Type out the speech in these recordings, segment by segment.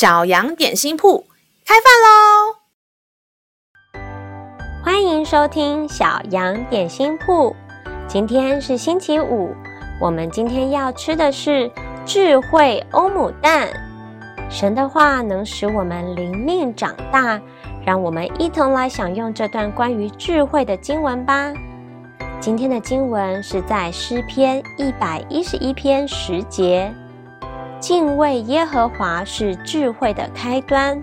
小羊點心鋪開飯嘍！歡迎收聽小羊點心鋪。今天是星期五，我們今天要吃的是智慧歐姆蛋。神的話能使我們靈命長大，讓我們一同來享用這段關於智慧的經文吧。今天的經文是在詩篇一百一十一篇十節。敬畏耶和華是智慧的開端，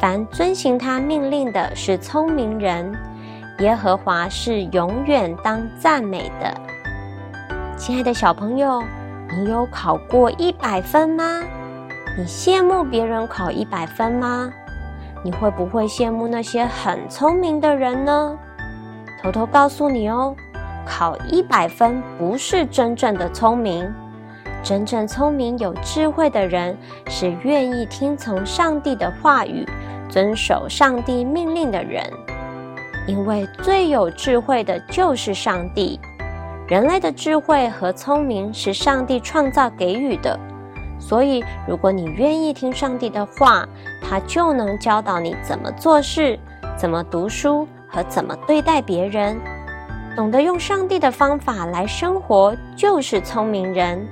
凡遵行他命令的是聰明人。耶和華是永遠當讚美的。親愛的小朋友，你有考過一百分嗎？你羨慕別人考一百分嗎？你會不會羨慕那些很聰明的人呢？偷偷告訴你哦，考一百分不是真正的聰明。真正聰明有智慧的人，是願意聽從上帝的話語，遵守上帝命令的人。因為最有智慧的就是上帝，人類的智慧和聰明是上帝創造給予的。所以，如果你願意聽上帝的話，他就能教導你怎麼做事、怎麼讀書和怎麼對待別人。懂得用上帝的方法來生活，就是聰明人。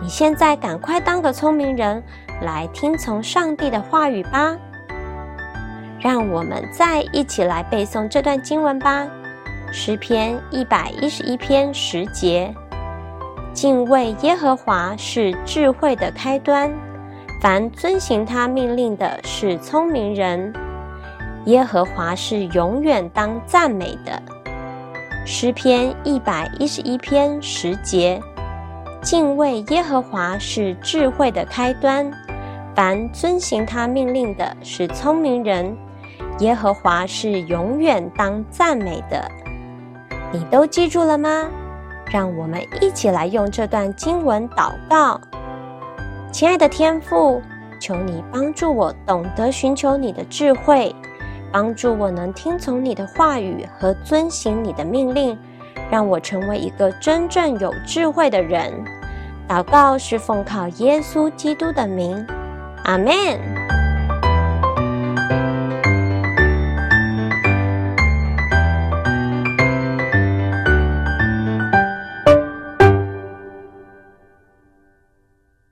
你現在趕快當個聰明人，來聽從上帝的話語吧。讓我們再一起來背誦這段經文吧，《詩篇》一百一十一篇十節：敬畏耶和華是智慧的開端，凡遵行他命令的是聰明人。耶和華是永遠當讚美的，《詩篇》一百一十一篇十節。敬畏耶和華是智慧的開端，凡遵行他命令的是聰明人。耶和華是永遠當讚美的。你都記住了嗎？讓我們一起來用這段經文禱告。親愛的天父，求你幫助我懂得尋求你的智慧，幫助我能聽從你的話語和遵行你的命令，讓我成為一個真正有智慧的人。禱告是奉靠耶穌基督的名，阿門。